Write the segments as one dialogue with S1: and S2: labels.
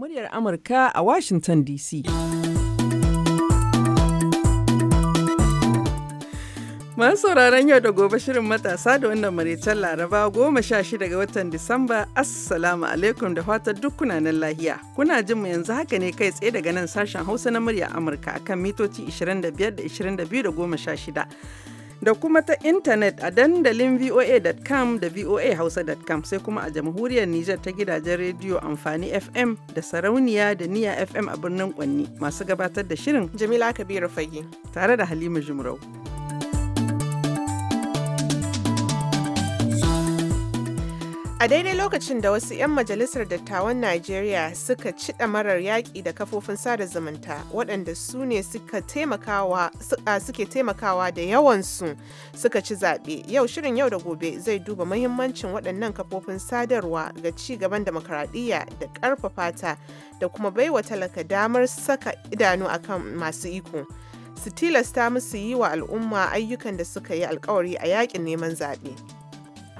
S1: muryar Amurka a Washington DC. Masu sauraron yau da gobe shirin matasa da wannan maraicen Laraba goma sha shida ga watan Disamba Assalamu alaikum da fatar duk kunanan lahiya. Kuna jin mu yanzu haka ne kai tsaye daga nan sashen Hausa na murya Amurka kan mitoci 25 da 22 da goma sha shida. da kuma ta intanet a dandalin voa.com da voahausa.com sai kuma a jamhuriyar Nijar ta gidajen rediyo amfani FM da sarauniya da niya FM a birnin Kwanni masu gabatar da shirin Jamila Kabiru Fage tare da Halima Jumrau.
S2: A daidai lokacin da wasu 'yan majalisar dattawan Najeriya suka ci ɗamarar yaƙi da kafofin sada zumunta waɗanda su ne suke taimakawa da yawansu suka ci zaɓe. Yau shirin yau da gobe zai duba mahimmancin waɗannan kafofin sadarwa ga ci gaban demokaradiyya da ƙarfafa ta da kuma baiwa talaka damar saka idanu akan masu iko. Su tilasta musu yi wa al'umma ayyukan da suka yi alkawari a yaƙin neman zaɓe.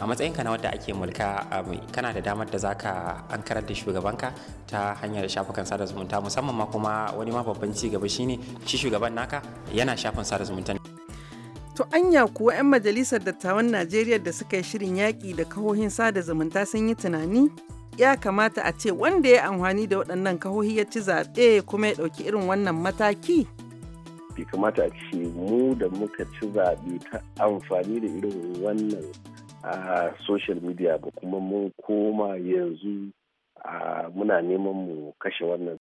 S3: a matsayinka na wadda ake mulka kana da damar da zaka an karar da shugabanka ta hanyar shafukan sada zumunta musamman ma kuma wani ma babban ci gaba shine shi shugaban naka yana shafin sada zumunta
S1: To anya kuwa 'yan majalisar dattawan Najeriya da suka yi shirin yaƙi da kahohin sada zumunta sun yi tunani ya kamata a ce wanda ya amfani da waɗannan kahohi ya ci zaɓe kuma ya ɗauki irin wannan mataki?
S4: Bai kamata a ce mu da muka ci zaɓe ta amfani da irin wannan a social media ba kuma mun koma yanzu muna neman mu kashe wannan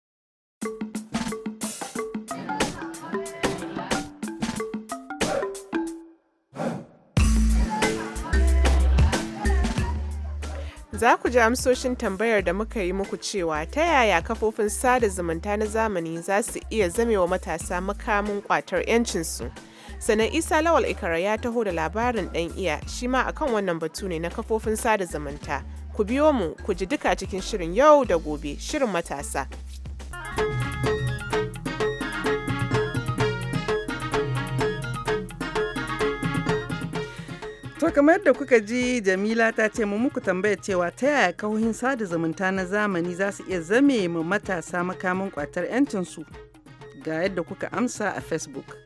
S2: Za ku ji amsoshin tambayar da muka yi muku cewa ta yaya kafofin sada zumunta na zamani za su iya zamewa matasa makamin kwatar 'yancinsu. su. sannan isa lawal ikara ya taho da labarin ɗan iya shi ma akan wannan batu ne na kafofin sada zumunta ku biyo mu ku ji duka cikin shirin yau da gobe shirin matasa
S1: To kamar da kuka ji Jamila ta ce mu muku tambaya cewa ta yaya kahohin sada zumunta na zamani za su iya zame ma matasa makamin kwatar 'yancinsu ga yadda kuka amsa a Facebook.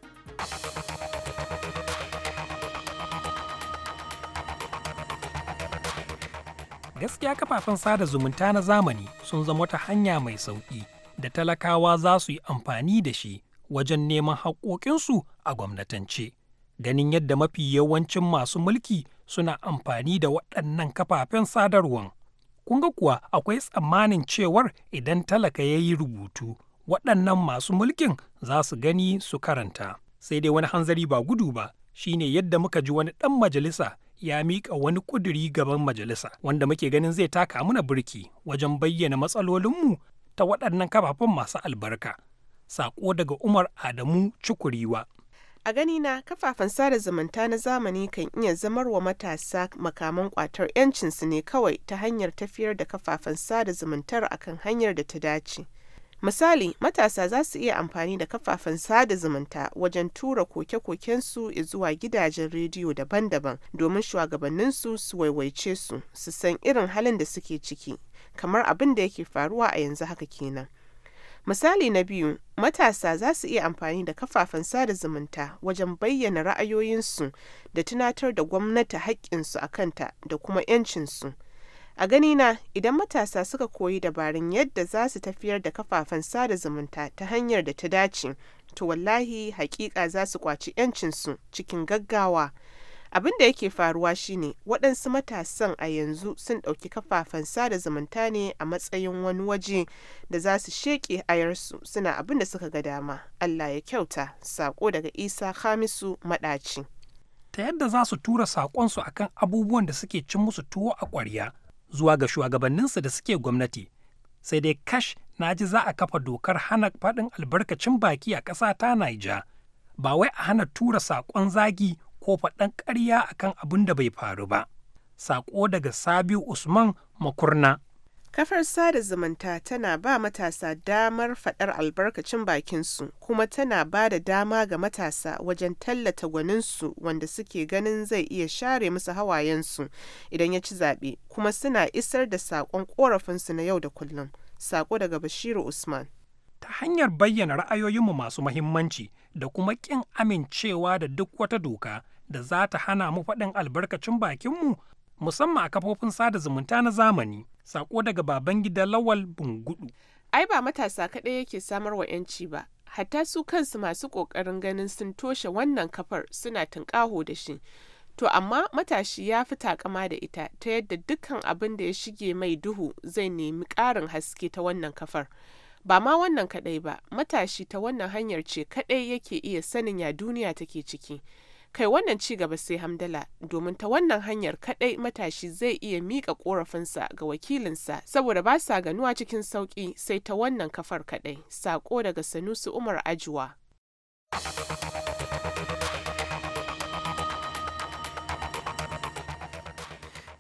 S5: gaskiya kafafen sada zumunta na zamani sun zama ta hanya mai sauƙi da talakawa za su yi amfani da shi wajen neman haƙoƙinsu a gwamnatance ganin yadda mafi yawancin masu mulki suna amfani da waɗannan kafafen sadarwan kunga kuwa akwai tsammanin cewar idan talaka ya yi rubutu waɗannan masu mulkin za su gani su karanta sai dai wani hanzari ba gudu ba shine yadda muka ji wani ɗan majalisa ya miƙa wani ƙuduri gaban majalisa wanda muke ganin zai taka muna burki wajen bayyana matsalolinmu ta waɗannan kafafen masu albarka. Saƙo daga Umar Adamu Cukuriwa.
S2: A ganina kafafen sada zumunta na zamani kan iya zamar wa matasa makaman kwatar 'yancinsu ne kawai ta hanyar tafiyar da kafafen sada zumuntar akan hanyar da ta dace. Misali, matasa za su iya amfani da kafafen sada zumunta wajen tura koke-kokensu zuwa gidajen rediyo daban-daban domin shugabanninsu su waiwaice su, su san irin halin da suke ciki, kamar abin da yake faruwa a yanzu haka kenan. Misali na biyu, matasa za su iya amfani da kafafen sada zumunta wajen bayyana ra'ayoyinsu da tunatar da gwamnati haƙƙinsu a kanta da kuma 'yancinsu. A ganina, idan matasa suka koyi dabarun yadda za su tafiyar da kafafen sada zumunta ta hanyar da ta dace, to wallahi hakika za su kwaci 'yancinsu cikin gaggawa. Abin da yake faruwa shine waɗansu matasan a yanzu sun ɗauki kafafen sada zumunta ne a matsayin wani waje da za su sheƙe ayarsu suna abin da suka ga dama. Allah ya kyauta, saƙo daga Isa Hamisu Maɗaci.
S5: Ta yadda za su tura saƙonsu akan abubuwan da suke cin musu tuwo a ƙwarya. zuwa ga shugabanninsu da suke gwamnati sai dai kash na ji za a kafa dokar hana faɗin albarkacin baki a ƙasa ta naija ba wai a hana tura saƙon zagi ko faɗan ƙarya akan abin da bai faru ba saƙo daga sabiu usman makurna
S2: Kafar sada zumunta tana ba matasa damar faɗar albarkacin bakinsu kuma tana ba da dama ga matasa wajen tallata gwaninsu wanda suke ganin zai iya share musu hawayensu idan ya ci zaɓe kuma suna isar da saƙon ƙorafinsu na yau da kullum. Saƙo daga Bashiru Usman.
S5: Ta hanyar bayyana ra'ayoyinmu masu mahimmanci da kuma ƙin amincewa da duk wata doka da za ta hana mu faɗin albarkacin bakinmu musamman a kafofin sada zumunta na zamani. Sako daga babangida gida Lawal Bungudu.
S2: Ai ba matasa kaɗai yake samar wa 'yanci ba, hatta su kansu masu ƙoƙarin ganin sun toshe wannan kafar suna tunƙaho da shi. To amma matashi ya fi takama da ita ta yadda dukkan abin da ya shige mai duhu zai nemi ƙarin haske ta wannan kafar. Ba ma wannan kaɗai ba, matashi ta wannan hanyar ce kaɗai yake iya sanin ya duniya take ciki. kai wannan ci gaba sai hamdala domin ta wannan hanyar kadai matashi zai iya miƙa korafinsa ga wakilinsa saboda ba sa ganuwa cikin sauƙi, sai ta wannan kafar kadai sako daga sanusi umar ajuwa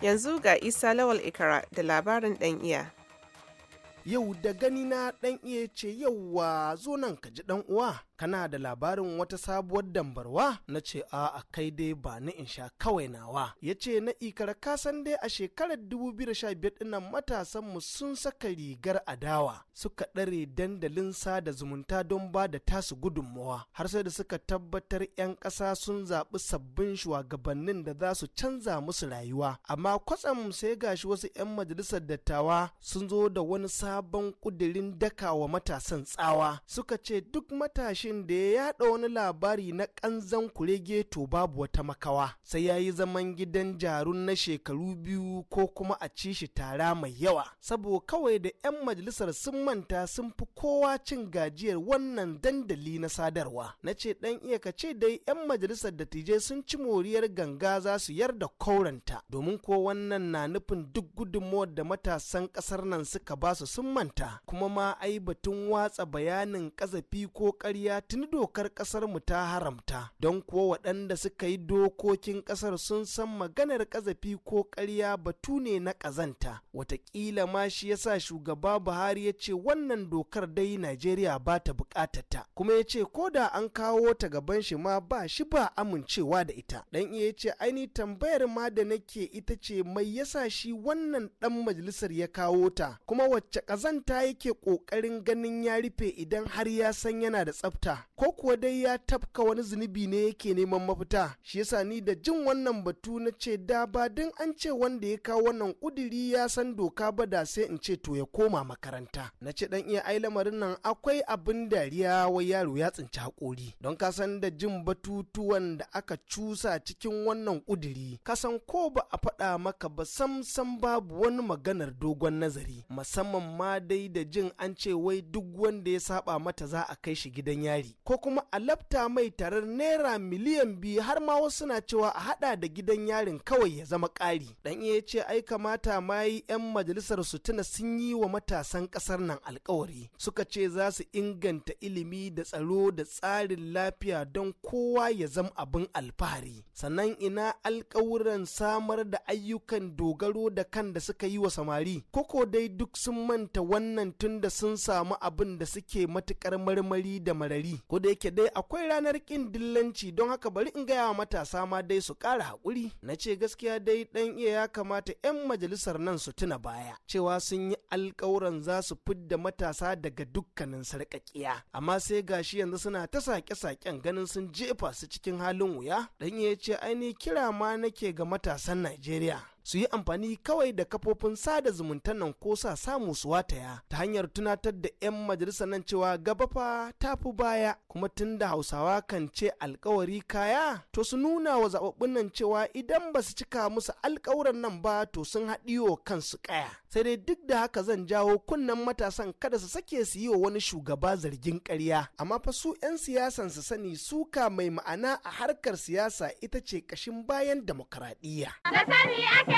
S2: yanzu ga isa lawal ikara da labarin dan iya yau da gani na dan iya ce
S6: yauwa zo nan ka ji dan uwa kana da labarin wata sabuwar dambarwa na ce a a kai dai ba ni in sha kawai nawa ya ce na ikara kasan dai a shekarar 2015 dinnan matasan mu sun saka rigar adawa suka ɗare dandalin sada zumunta don ba da tasu gudunmawa har sai da suka tabbatar 'yan ƙasa sun zaɓi sabbin shugabannin da za su canza musu rayuwa amma kwatsam sai gashi wasu 'yan majalisar dattawa sun zo da wani sabon ƙudirin daka wa matasan tsawa suka ce duk matashi lokacin da ya yada wani labari na kanzan kurege to babu wata makawa sai ya yi zaman gidan jarun na shekaru biyu ko kuma a ci shi tara mai yawa sabo kawai da 'yan majalisar sun manta sun fi kowa cin gajiyar wannan dandali na sadarwa na ce dan iya ka ce dai 'yan majalisar dattijai sun ci moriyar ganga za su yarda kauranta domin ko wannan na nufin duk gudunmuwar da matasan kasar nan suka basu sun manta kuma ma ai batun watsa bayanin kazafi ko karya gaskiya dokar kasar mu ta haramta don kuwa waɗanda suka yi dokokin kasar sun san maganar kazafi ko ƙarya batu ne na ƙazanta watakila ma shi ya sa shugaba buhari ya ce wannan dokar dai najeriya ba ta buƙatata kuma ya ce ko da an kawo ta gaban shi ma ba shi ba amincewa da ita dan iya ce aini tambayar ma da nake ita ce mai yasa shi wannan ɗan majalisar ya kawo ta kuma wacce ƙazanta yake ƙoƙarin ganin ya rufe idan har ya san yana da tsafta mafita ko kuwa dai ya tafka wani zunubi ne yake neman mafita shi yasa ni da jin wannan batu na ce da ba don an ce wanda ya kawo wannan kuduri ya san doka ba da sai in ce to ya koma makaranta na ce dan iya ai lamarin nan akwai abin dariya wai yaro ya tsinci hakori don ka san da jin batutuwan da aka cusa cikin wannan kuduri ka san ko ba a faɗa maka ba sam sam babu wani maganar dogon nazari musamman ma dai da jin an ce wai duk wanda ya saba mata za a kai shi gidan yari ƙari ko kuma a lafta mai tarar naira miliyan biyu har ma wasu na cewa a hada da gidan yarin kawai ya zama ƙari dan iya ce ai kamata ma yi 'yan majalisar su tuna sun yi wa matasan ƙasar nan alkawari suka ce za su inganta ilimi da tsaro da tsarin lafiya don kowa ya zama abin alfahari sannan ina alkawuran samar da ayyukan dogaro da kan da suka yi wa samari koko dai duk sun manta wannan tunda sun samu abin da suke matukar marmari da marari gari ko da yake dai akwai ranar kin dillanci don haka bari in gaya wa matasa ma dai su ƙara haƙuri na ce gaskiya dai ɗan iya ya kamata 'yan majalisar nan su tuna baya cewa sun yi alƙawuran za su fidda matasa daga dukkanin sarƙaƙiya amma sai gashi yanzu suna ta sake-saken ganin sun jefa su cikin halin wuya dan iya ce ainihin kira ma nake ga matasan Najeriya su yi amfani kawai da kafofin sada zumunta nan ko sa samu su wataya ta hanyar tunatar da 'yan majalisa nan cewa gaba fa ta fi baya kuma tun da hausawa kan ce alkawari kaya to su nuna wa zababbin nan cewa idan ba su cika musu alkawuran nan ba to sun haɗiyo kansu kaya sai dai duk da haka zan jawo kunnen matasan kada su sake su yi wa wani shugaba zargin karya, amma fa su 'yan siyasan su sani suka mai ma'ana a harkar siyasa ita ce ƙashin bayan demokradiyya.
S2: Da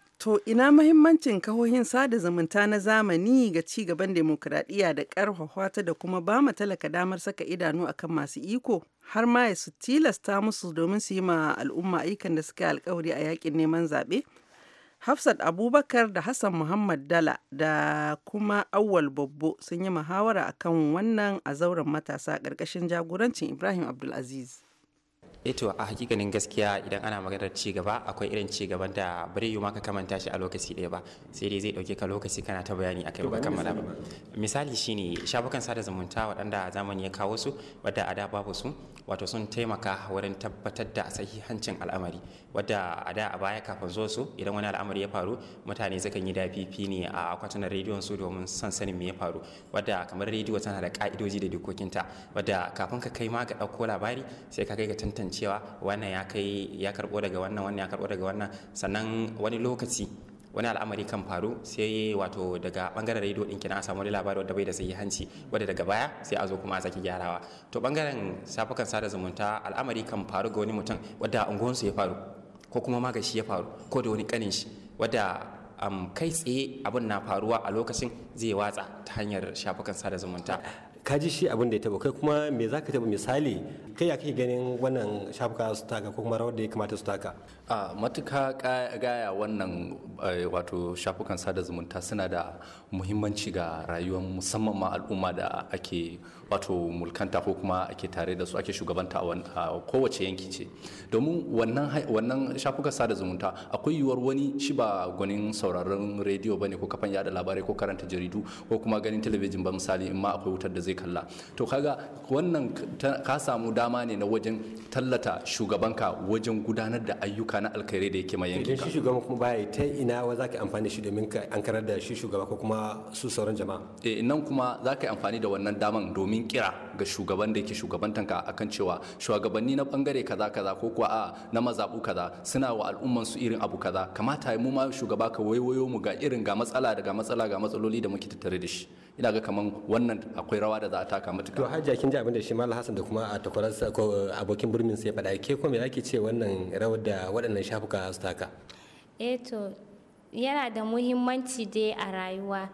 S1: To ina mahimmancin kahohin sada zumunta na zamani ga ci gaban demokuraɗiyya da ƙarfafa ta da kuma ba mu talaka damar saka idanu akan masu iko har ma ya su tilasta musu domin su yi ma al'umma ayyukan da suka alkawari a yakin neman zaɓe. Hafsat Abubakar da Hassan Muhammad Dala da kuma Awwal Babbo sun yi muhawara akan wannan a zauren matasa ƙarƙashin jagorancin Ibrahim Abdulaziz.
S3: eto eh a hakikanin gaskiya idan ana maganar ci gaba akwai irin ci gaban da bare yi ka kamanta shi a lokaci ɗaya ba sai dai zai ɗauke ka lokaci kana ta bayani akai ba kammala ba misali shine shafukan sada zumunta waɗanda zamani ya kawo su wadda a da babu su wato sun taimaka wurin tabbatar da sahihancin al'amari wadda a da a baya kafin zuwa su idan wani al'amari ya faru mutane sukan yi dafifi ne a kwatunan rediyon su domin son sanin me ya faru wadda kamar rediyo tana da ka'idoji da dokokinta wadda kafin ka kai ma ga ɗauko labari sai ka kai ga tantance cewa wannan ya kai ya karbo daga wannan wannan ya karbo daga wannan sannan wani lokaci wani al'amari kan faru sai wato daga bangaren rediyo din kina a samu wani labari wanda bai da sahihanci wanda daga baya sai a zo kuma a saki gyarawa to bangaren safukan sada zumunta al'amari kan faru ga wani mutum wanda unguwansu ya faru ko kuma magashi ya faru ko da wani kanin shi wanda um, kai tsaye abin na faruwa a lokacin zai watsa ta hanyar shafukan sada zumunta ka ji shi abin da ya taba kai kuma me za ka taba misali kai ya kake
S7: ganin wannan shafuka su taka ko kuma rawar da ya kamata su taka a matuka gaya
S8: wannan eh, wato shafukan sada zumunta suna da muhimmanci ga rayuwar musamman ma al'umma da ake wato mulkanta ko kuma ake tare da su ake shugabanta a kowace yanki ce domin wannan shafukan sada zumunta akwai yiwuwar wani shi ba gwanin sauraron rediyo bane ko kafan yada labarai ko karanta jaridu ko kuma ganin talabijin ba misali in ma akwai wutar da zai kalla to kaga wannan ka samu dama ne na wajen tallata shugabanka wajen gudanar da ayyuka na alkhairi da yake mai yanki shi shugaban
S7: kuma baya ta ina wa zaka amfani shi domin ka ankarar da shi shugaba ko kuma su sauran jama'a
S8: eh nan kuma zaka yi amfani da wannan daman domin kira ga shugaban da yake shugabantanka akan cewa shugabanni na bangare kaza kaza ko kuwa a na mazabu kaza suna wa al'umman su irin abu kaza kamata mu ma shugaba ka waiwayo mu ga irin ga matsala da ga matsala ga matsaloli da muke tattare da shi ina ga
S7: kaman wannan akwai rawa da za a taka matuka. to hajja kin ji abin da shi mallam hassan da kuma a takwararsa ko abokin birnin sai faɗa ke ko me yake ce wannan rawar da waɗannan shafuka su taka
S1: eh
S3: to yana da muhimmanci dai a rayuwa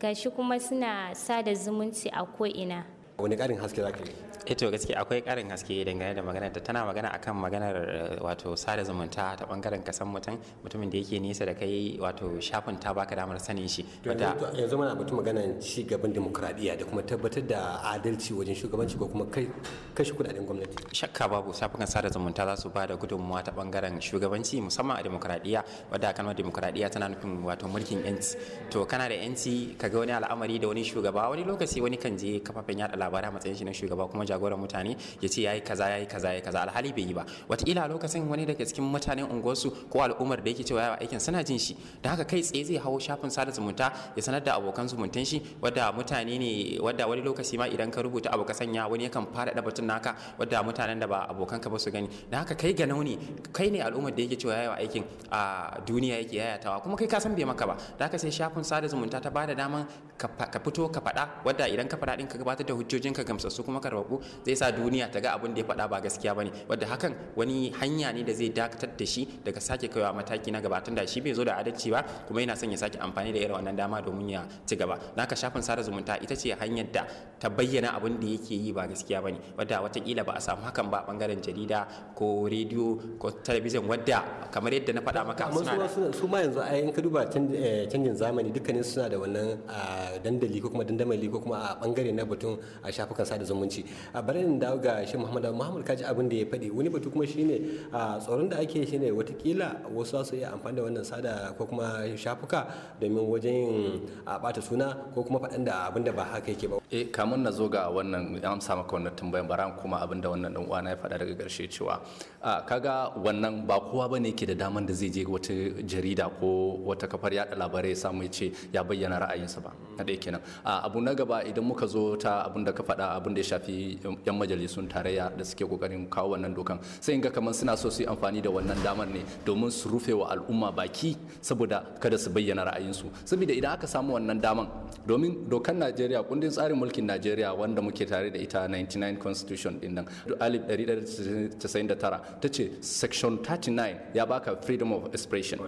S3: gashi kuma suna sada zumunci a ko'ina wani ƙarin haske zaka yi eto eh gaske akwai karin haske dangane da maganar ta tana magana akan maganar eh, wato sada zumunta ta bangaren kasan mutum mutumin da yake nesa da kai wato shafin ta baka damar sanin shi yanzu
S7: muna batu maganar ci gaban
S3: demokradiya da kuma tabbatar da adalci wajen shugabanci ko kuma kai kashe kudaden gwamnati shakka babu shafukan sada zumunta za su ba da gudunmuwa ta bangaren shugabanci musamman a demokradiya wadda kalmar demokradiya tana nufin wato mulkin yanci to kana da yanci kaga wani al'amari da wani shugaba wani lokaci wani kan je kafafen yada labarai a matsayin shi na shugaba kuma jagoran mutane ya ce yayi kaza yayi kaza yayi kaza alhali bai yi ba ila lokacin wani daga cikin mutanen unguwarsu ko al'ummar da yake cewa yawa aikin suna jin shi da haka kai tsaye zai hawo shafin sada zumunta ya sanar da abokan zumuntan shi wadda mutane ne wadda wani lokaci ma idan ka rubuta abu ka sanya wani yakan fara da batun naka wadda mutanen da ba abokan ka ba su gani da haka kai ga ne kai ne al'ummar da yake cewa yawa aikin a duniya yake yayatawa kuma kai ka san bai maka ba da haka sai shafin sada zumunta ta bada daman ka fito ka faɗa wadda idan ka faɗa ɗin ka gabatar da hujjojin ka gamsassu kuma ka rabu zai sa duniya ta ga abin da ya faɗa ba gaskiya bane wadda hakan wani hanya ne da zai dakatar da shi daga sake kaiwa mataki na gaba tunda shi bai zo da adalci ba kuma yana son ya sake amfani da irin wannan dama domin ya ci gaba naka shafin sada zumunta ita ce hanyar da ta bayyana abin da yake yi ba gaskiya bane wadda watakila ba a samu hakan ba bangaren jarida ko rediyo ko talabijin wadda kamar yadda na faɗa maka suna
S7: su ma yanzu ayin ka duba eh, canjin zamani dukkanin suna da wannan ah, dandali ko kuma dandamali ko kuma a bangare na batun a ah, shafukan sada zumunci a bari in dawo ga shi muhammad muhammad kaji abin da ya faɗi wani batu kuma shine a tsoron da ake shine watakila wasu su iya amfani da wannan sada ko kuma shafuka domin wajen a bata suna ko kuma faɗan da abin da ba haka yake ba eh kamun na zo ga wannan amsa maka wannan tambayan baran kuma abin da wannan dan uwana ya faɗa
S8: daga ƙarshe cewa kaga wannan ba kowa bane yake da daman da zai je wata jarida ko wata kafar yada labarai ya samu ya ce ya bayyana ra'ayinsa ba na ɗaya kenan abu na gaba idan muka zo ta abin da ka faɗa abin da ya shafi yan majalisun tarayya da suke kokarin kawo wannan dokan sai in ga kamar suna so su yi amfani da wannan damar ne domin su rufe wa al'umma baki saboda kada su bayyana ra'ayinsu saboda idan aka samu wannan daman domin dokan Najeriya kundin tsarin tsarin mulkin Najeriya wanda muke tare da ita 99 constitution din nan 1999 ta ce section 39 ya baka freedom of expression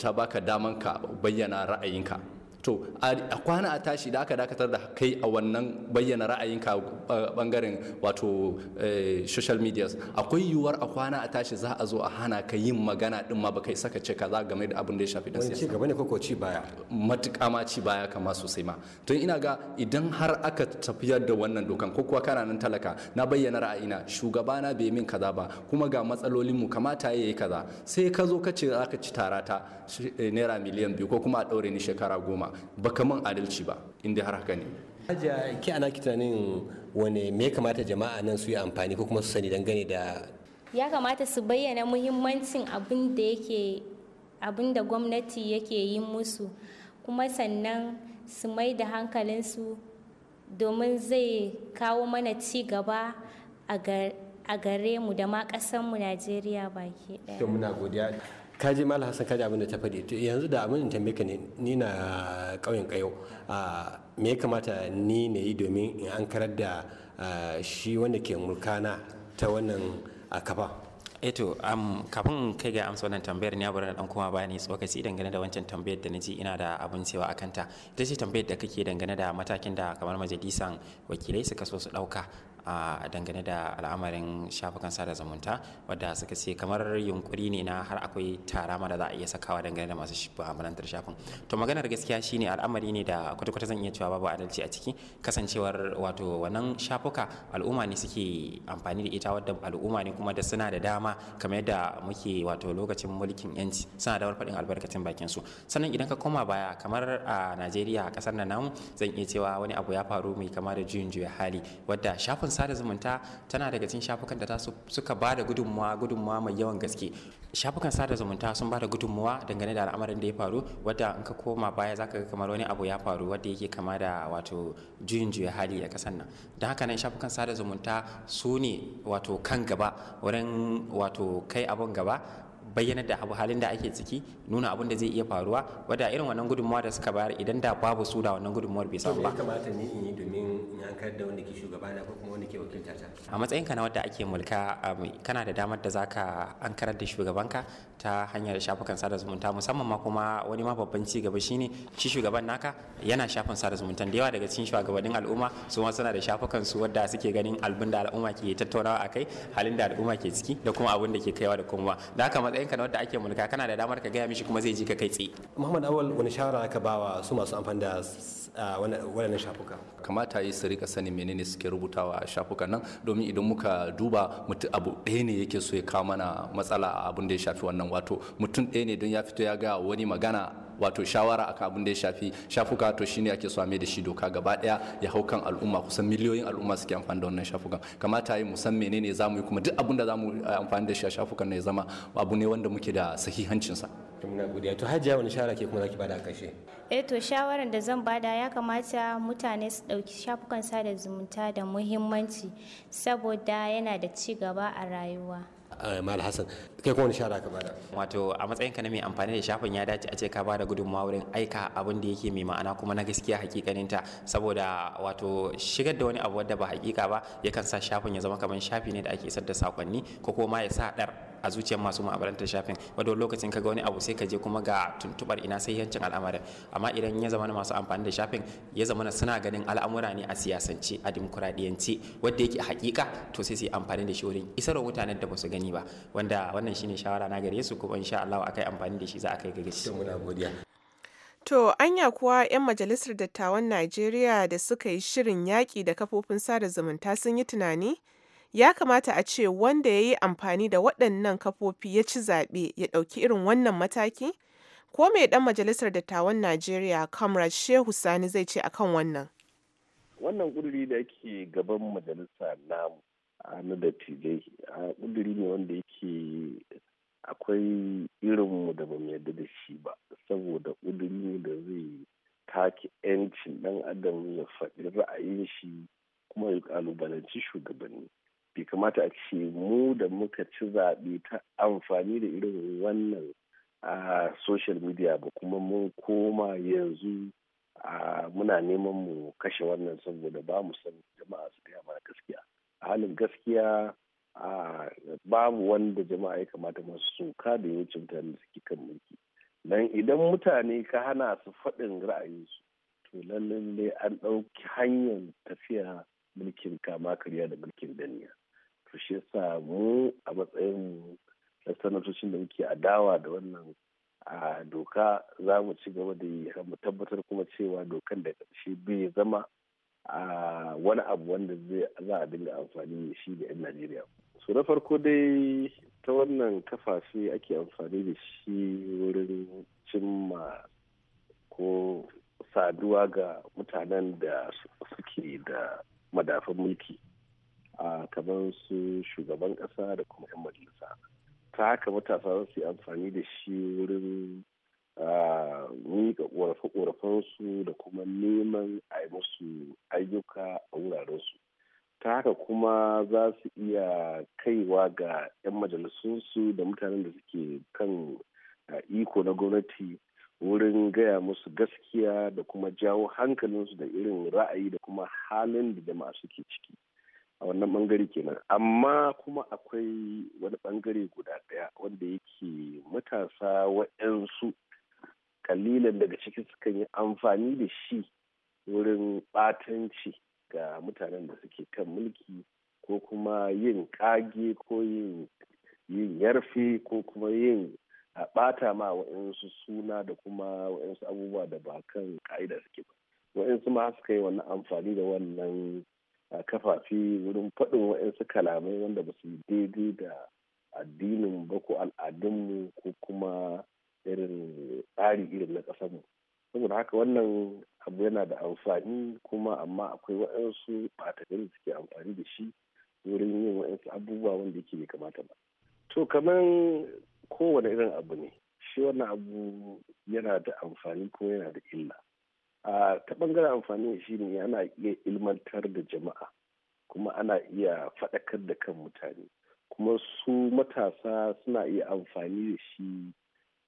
S8: ta baka daman ka bayyana ra'ayinka to a kwana a tashi da aka dakatar da kai a wannan bayyana ra'ayinka bangaren wato eh, social media akwai yiwuwar a kwana a tashi za a zo a hana ka yin magana din ma baka saka ce kaza game da abin da ya shafi da siyasa ci gaba ne koko ci baya matuƙa ma ci baya kama sosai ma to ina ga idan har aka tafiyar da wannan dokan ko kuwa kana nan talaka na bayyana ra'ayina shugaba na bai min kaza ba kuma ga matsalolin mu kamata yayi kaza sai ka zo ka ce za ka ci tara ta eh, naira miliyan biyu ko kuma a ɗaure ni shekara goma baka man adalci ba
S7: inda har haka ne Hajiya ki ana tunanin wane me ya kamata jama'a nan su yi amfani ko kuma su sani dangane da
S3: ya kamata su bayyana muhimmancin abin da yake abin da gwamnati yake yi musu kuma sannan su mai da hankalinsu domin zai kawo mana ci gaba a gare mu da ma ƙasanmu najeriya baki ɗaya. muna
S7: godiya ka je mal hassan ka abin da ta faɗi yanzu da abin ta ka ne ni na ƙauyen ƙayo me ya kamata ni ne yi domin in an karar da shi wanda ke mulkana
S3: ta wannan kafa eto eh um, kafin kai ga amsa wannan tambayar ni bari na dan kuma bayani tsokaci dangane da wancan tambayar da naji ina da abin cewa akanta ita ce tambayar da kake dangane da matakin da kamar majalisan wakilai suka so su dauka a dangane da al'amarin shafukan sada zumunta wadda suka ce kamar yunkuri ne na har akwai tara ma da za a iya sakawa dangane da masu mu'amalantar shafin to maganar gaskiya shine al'amari ne da kwata-kwata zan iya cewa babu adalci a ciki kasancewar wato wannan shafuka al'umma ne suke amfani da ita wadda al'umma ne kuma da suna da dama kamar yadda muke wato lokacin mulkin yanci suna da warfaɗin albarkacin bakin su sannan idan ka koma baya kamar a Najeriya a kasar nan namu zan iya cewa wani abu ya faru mai kama da juyin juya hali wadda shafin sada zumunta tana daga cikin shafukan da ta suka ba da gudunmuwa gudunmuwa mai yawan gaske shafukan sada zumunta sun ba da gudunmuwa dangane da al'amarin da ya faru wadda in ka koma baya zaka ga kamar wani abu ya faru wadda yake kama da wato juyin juya hali a kasan nan don haka nan shafukan sada zumunta su ne wato kan gaba wurin wato kai abun gaba bayyana da abu halin da ake ciki nuna abin da zai iya faruwa wadda irin wannan gudunmuwa da suka bayar idan da babu su da wannan gudunmuwar bai samu ba.
S7: ne domin in an da wanda ke shugaba na ko kuma wanda ke wakilta ta a
S3: matsayin ka na wadda ake mulka kana da damar da zaka an karar da shugabanka ta hanyar shafukan sada zumunta musamman ma kuma wani ma babban ci gaba shine shi shugaban naka yana shafin sada zumunta da yawa daga cikin shugabannin al'umma su ma suna da shafukan su wadda suke ganin albin da al'umma ke tattaunawa akai halin da al'umma ke ciki da kuma abin da ke kaiwa da kuma da haka matsayinka na wadda ake mulka kana da damar ka gaya mishi kuma zai ji ka kai tsaye muhammad awal wani shawara ka bawa su masu amfani da ah,
S7: waɗannan shafuka
S8: kamata yi su rika sanin menene suke rubutawa a shafukan nan domin idan muka duba mutum abu ɗaya ne yake so ya kawo mana matsala a abin da ya shafi wannan wato mutum ɗaya ne don ya fito ya ga wani magana wato shawara akan abin da ya shafi shafuka to shine ake so da shi doka gaba daya ya hau kan al'umma kusan miliyoyin al'umma suke amfani da wannan shafukan kamata yi musan menene zamu yi kuma duk abin da zamu eh, amfani da shi a shafukan ne ya zama abu ne wanda muke da sahihancinsa
S7: muna godiya to hajiya wani shawara ke kuma zaki bada a karshe
S3: eh to shawaran da zan bada ya kamata mutane su ɗauki shafukan sada zumunta da muhimmanci saboda yana da ci gaba a rayuwa mal hassan kai kowane shara ka bada wato a matsayin ka na mai amfani da shafin ya dace a ce ka bada gudunmawa wurin aika abin da yake mai ma'ana kuma na gaskiya hakikaninta saboda wato shigar da wani abu wadda ba hakika ba yakan sa shafin ya zama kamar shafi ne da ake isar da sakonni ko kuma ya sa dar a zuciyar masu mu'amalantar shafin wadda lokacin ka ga wani abu sai ka je kuma ga tuntubar ina sai yancin al'amarin amma idan ya zama masu amfani da shafin ya zama suna ganin al'amura ne a siyasance a dimokuraɗiyance wadda yake hakika to sai su yi amfani da shi wurin isarwa mutanen da ba su gani ba wanda wannan shine shawara na gare su kuma insha Allah akai amfani da shi za a kai ga gaci.
S2: To, anya kuwa 'yan majalisar dattawan Najeriya da suka yi shirin yaƙi da kafofin sada zumunta sun yi tunani? Ya kamata a ce wanda ya yi amfani da waɗannan kafofi ya ci zaɓe ya ɗauki irin wannan mataki? Ko mai ɗan majalisar dattawan Najeriya Comrade Shehu Sani zai ce kan wannan?
S4: Wannan ƙuduri da ake gaban majalisa namu a na dattijai a ƙuduri ne wanda yake akwai irinmu da bamu yarda da shi ba saboda ƙuduri ne da zai take 'yancin ɗan adam ya faɗi ra'ayin shi kuma ya ƙalubalanci shugabanni bai kamata a ce mu da muka ci zaɓe ta amfani da irin wannan a social media ba kuma mun koma yanzu a muna neman mu kashe wannan saboda ba mu san jama'a su gaya mana gaskiya a halin gaskiya a babu wanda jama'a ya kamata masu soka da ya ci mutane da suke kan mulki dan idan mutane ka hana su faɗin ra'ayinsu to lallai an ɗauki hanyar tafiya mulkin kama karya da mulkin daniya to shi yasa mu a matsayin sanatocin da muke adawa da wannan a doka za mu ci gaba da yi mu tabbatar kuma cewa dokan da shi bai zama a wani abu wanda zai za a dinga amfani da shi da 'yan najeriya su na farko dai ta wannan kafafe ake amfani da shi wurin cimma ko saduwa ga mutanen da suke da madafan mulki kamar su shugaban kasa da kuma 'yan majalisa ta haka matasa za su yi amfani da shi wurin miƙa ƙorafe-ƙorafensu da kuma neman a yi musu ayyuka a wurarensu ta haka kuma za su iya kaiwa ga 'yan majalisunsu da mutanen da suke kan iko na gwamnati wurin gaya musu gaskiya da kuma jawo hankalinsu da irin ra'ayi da kuma halin da jama'a suke ciki a wannan bangare kenan amma kuma akwai wani bangare guda daya wanda yake matasa waɗansu kalilan daga cikin sukan yi amfani da shi wurin batanci ga mutanen da suke kan mulki ko kuma yin ƙage ko yin yarfe ko kuma yin a bata ma waɗansu suna da kuma waɗansu abubuwa da ba kan ka'ida suke ba waɗansu ma suka yi wannan amfani da wannan a kafafi wurin faɗin wa'insu kalamai wanda ba su daidai da addinin ba ko al'adunmu ko kuma irin tsari irin na ƙasarmu saboda haka wannan abu yana da amfani kuma amma akwai waɗansu ɓatagari da suke amfani da shi wurin yin waɗansu abubuwa wanda yake bai kamata ba to kamar kowane irin abu ne shi wannan abu yana da amfani ko yana da illa a ta bangaren amfani shi ne ana iya ilmantar da jama'a kuma ana iya faɗakar da kan mutane kuma su matasa suna iya amfani da shi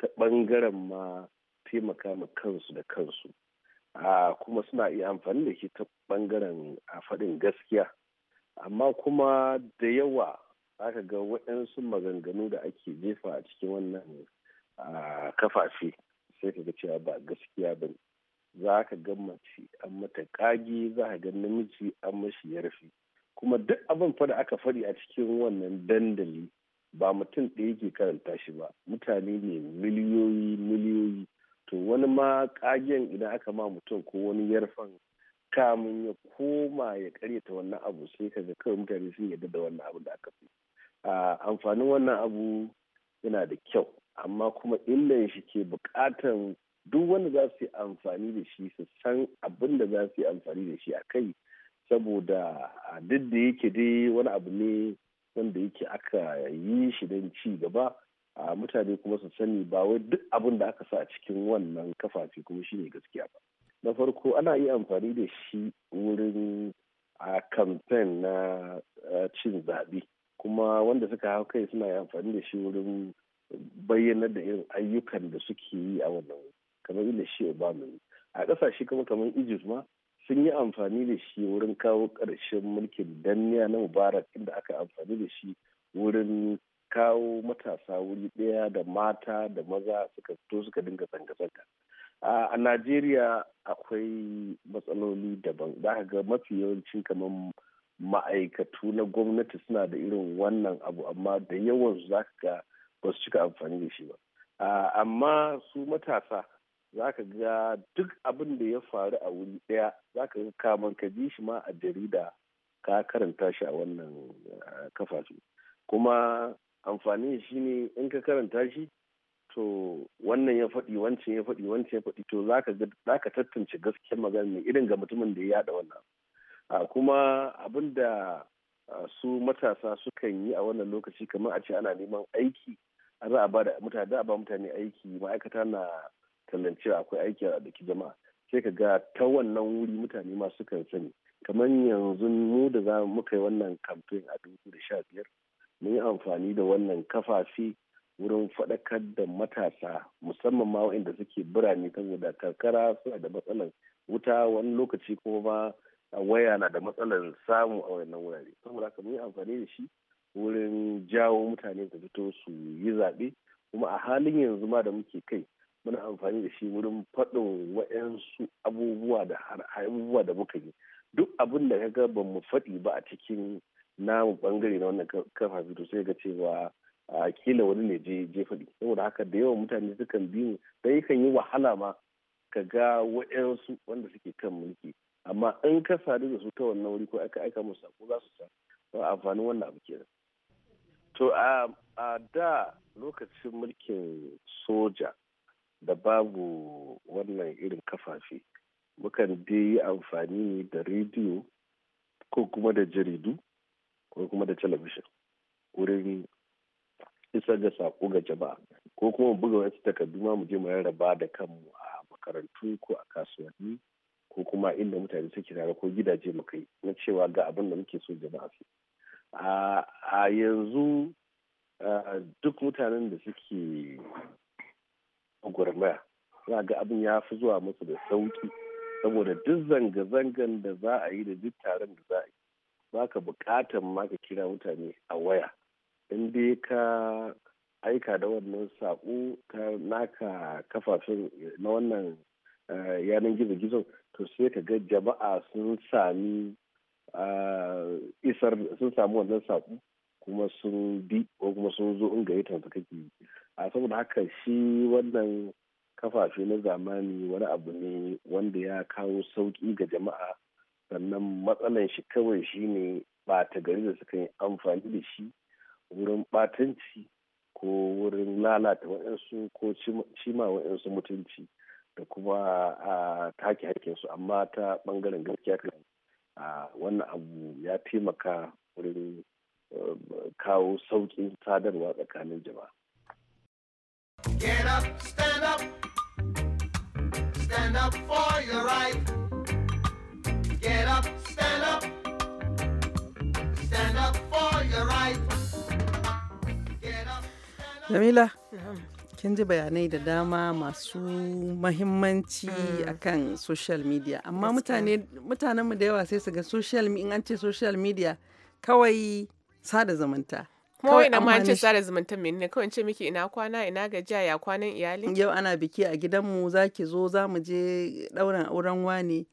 S4: ta bangaren ma taimaka ma kansu da kansu a kuma suna iya amfani da shi ta bangaren a faɗin gaskiya amma kuma da yawa aka ga waɗansu maganganu da ake jefa a cikin wannan kafafe sai ka ga cewa ba gaskiya ba ne za ka ga mace an mata kage za ka ga namiji an mashi yarfi kuma duk abin fa da aka faɗi a cikin wannan dandali ba mutum ɗaya ke karanta shi ba mutane ne miliyoyi miliyoyi to wani ma kagen idan aka ma mutum ko wani yarfan kamun ya koma ya karyata wannan abu sai ka ga kawai mutane sun yarda da wannan abu da aka fi amfanin wannan abu yana da kyau amma kuma illan shi ke bukatan duk wanda za su yi amfani da shi su san abin da za su yi amfani da shi a kai saboda duk da yake dai wani abu ne wanda yake aka yi shi don ci gaba a mutane kuma su sani ba wai duk abin da aka sa a cikin wannan kafafe kuma shine gaskiya ba na farko ana yi amfani da shi wurin a kamfen na cin zaɓe kuma wanda suka hau kai suna yi amfani da shi wurin bayyanar da irin ayyukan da suke yi a wannan kamar yadda shi obama yi a ƙasashe kuma kamar egypt ma sun yi amfani da shi wurin kawo ƙarshen mulkin danniya na mubarak inda aka amfani da shi wurin kawo matasa wuri ɗaya da mata da maza suka fito suka dinga zanga-zanga a najeriya akwai matsaloli daban za ga mafi yawancin kamar ma'aikatu na gwamnati suna da irin wannan abu amma da yawan za ga ba su cika amfani da shi ba amma su matasa za ka ga duk abin da ya faru a wuri ɗaya za ka ga kaman ka ji shi ma a jarida ka karanta shi a wannan eh, kafafe kuma amfani shi ne in ka karanta shi to wannan ya faɗi wancan ya faɗi wancan ya faɗi to za ka tattance gaskiyar magana ne irin ga mutumin da ya yada wannan kuma abin da su matasa sukan yi a wannan lokaci kamar a ce ana neman aiki za a a ba mutane aiki ma'aikata na sannan cewa akwai aiki a daki jama'a sai ka ga ta wannan wuri mutane ma kan sani kamar yanzu mu da za mu kai wannan kamfen a dubu da sha biyar mun yi amfani da wannan kafafi wurin faɗakar da matasa musamman ma waɗanda suke birane saboda karkara suna da matsalar wuta wani lokaci kuma waya na da matsalar samu a wannan wurare saboda haka mun yi amfani da shi wurin jawo mutane su fito su yi zaɓe kuma a halin yanzu ma da muke kai muna amfani da shi wurin faɗin wa'yansu abubuwa da har abubuwa da muka yi duk abin da kaga ba mu faɗi ba a cikin namu bangare na wannan kafafi to sai ga cewa a kila wani ne je je faɗi saboda haka da yawan mutane sukan bi mu dan yakan yi wahala ma ka ga wa'yansu wanda suke kan mulki amma in ka sadu da su ta wannan wuri ko aka aika musu sako za su san amfanin wannan abu kenan to a da lokacin mulkin soja da babu wannan irin kafafe mukan dai yi amfani da rediyo ko kuma da jaridu ko kuma da talabishin wurin isar da sako ga jama'a ko kuma buga wasu takardu ma mu je mu rarraba da kanmu a makarantu ko a kasuwanni ko kuma inda mutane suke tare ko gidaje mu kai na cewa ga abin da muke so jama'a su a yanzu duk mutanen da suke gurmaya za ga abin ya fi zuwa musu da sauki saboda duk zanga-zangan da za a yi da duk taron da za a yi za ka bukata ma ka kira mutane a waya in dai ka aika da wannan saƙo ka naka kafafen na wannan eh, yanar gizo-gizo to sai ka ga jama'a sun sami eh, isar sun samu wannan saƙo kuma sun bi ko kuma sun zo in gayyatar su kake saboda haka shi wannan kafafe na zamani wani abu ne wanda ya kawo sauki ga jama'a sannan matsalan shi kawai shi ne ɓata gari da suka yi amfani da shi wurin ɓatanci ko wurin lalata waɗansu ko cima waɗansu mutunci da kuma a take haƙƙinsu amma ta ɓangaren gaskiya kan wannan abu ya taimaka wurin eh, kawo sauƙin sadarwa tsakanin jama'a.
S6: Get up, stand up, stand up for your right. Get up, stand up, stand up for your right.
S1: Get up, stand up. Jamila. kin ji bayanai da dama masu mahimmanci mm. akan social media amma mutane mutanenmu da yawa sai su ga social in an ce social media kawai sada zamanta.
S2: kuma wai nan sada zumunta menene kawai ce miki ina kwana ina gajiya ya kwanan iyali yau
S1: ana biki a gidanmu zaki zo za mu je ɗaurin auren wane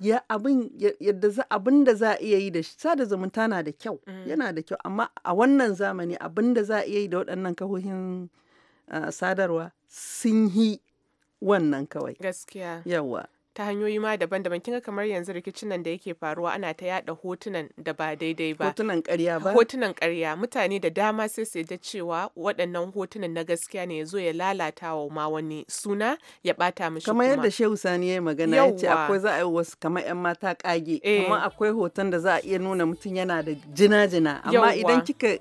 S1: ya abin yadda abin da za a iya yi da shi sada zumunta na da kyau mm. yana da kyau amma a wannan zamani abin da za a iya yi da waɗannan kahohin ah, sadarwa sun yi wannan kawai
S2: gaskiya yawa ta hanyoyi ma daban-daban kinga kamar yanzu rikicin nan da yake faruwa ana ta yada hotunan da ba daidai ba hotunan ƙarya ba hotunan ƙarya mutane da dama sai su da cewa waɗannan hotunan na gaskiya ne yazo ya lalata wa ma wani suna ya bata mishi kamar yadda Shehu
S1: Sani ya yi magana ya ce akwai za
S2: a yi wasu kamar yan mata
S1: kage amma eh. akwai hoton da za a iya nuna mutum yana da jina-jina amma idan kika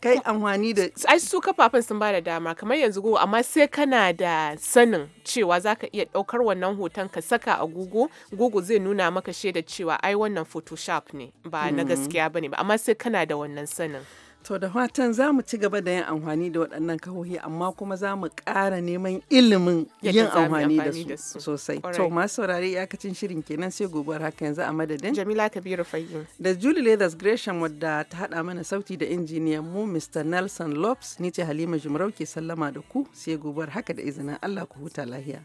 S2: kai amfani da ai su kafafen sun ba da dama kamar yanzu go amma sai kana da sanin cewa zaka iya daukar wannan hoton ka saka a gugu gugu zai nuna maka shaida cewa ai wannan photoshop ne ba na mm. gaskiya bane ba amma sai kana da wannan sanin
S1: To da fatan za mu ci gaba da yin amfani da waɗannan kahohi amma kuma za mu ƙara neman ilimin yin amfani da su sosai. To masu saurari iyakacin shirin kenan sai gobuwar haka yanzu a madadin. Jamila Kabiru Fayyin. Da Julie Leathers Gresham wadda ta haɗa mana sauti da injiniyan mu Mr. Nelson Lopes ni ce Halima Jumarau ke sallama da ku sai gobar haka da izinin Allah ku huta lahiya.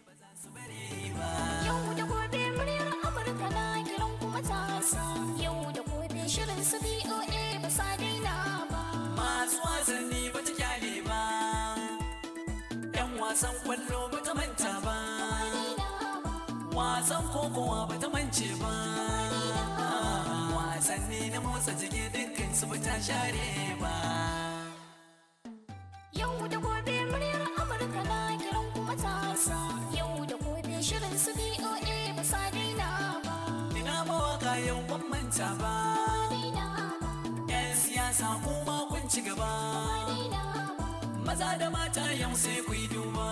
S6: wasanni
S1: ba ta kyale ba yan wasan kwallo ba ta manta ba wasan kokowa ba ta mance ba wasanni na motsa jiki dukkan su ba ta share ba
S6: yau da gobe muryar amurka na kiran kuma ta tasa yau da gobe shirin su boa ba sa daina ba ina
S1: mawaka yau ban manta ba maza da mata yau sai ku yi duba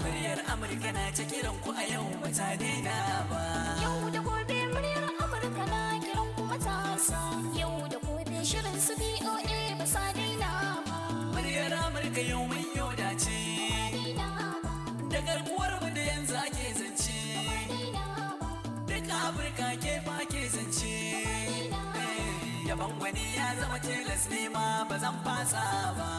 S6: muryar amurka na ta kiran ku a yau ba ta daina ba yau da gobe muryar amurka na kiran ku matasa yau da gobe shirin su boa ba sa daina ba muryar amurka yau mun yau ce.
S1: da garkuwar mu da yanzu ake zance duka Afirka ke ba ke zance yaban gwani ya zama
S4: tilas ne ma ba zan fasa ba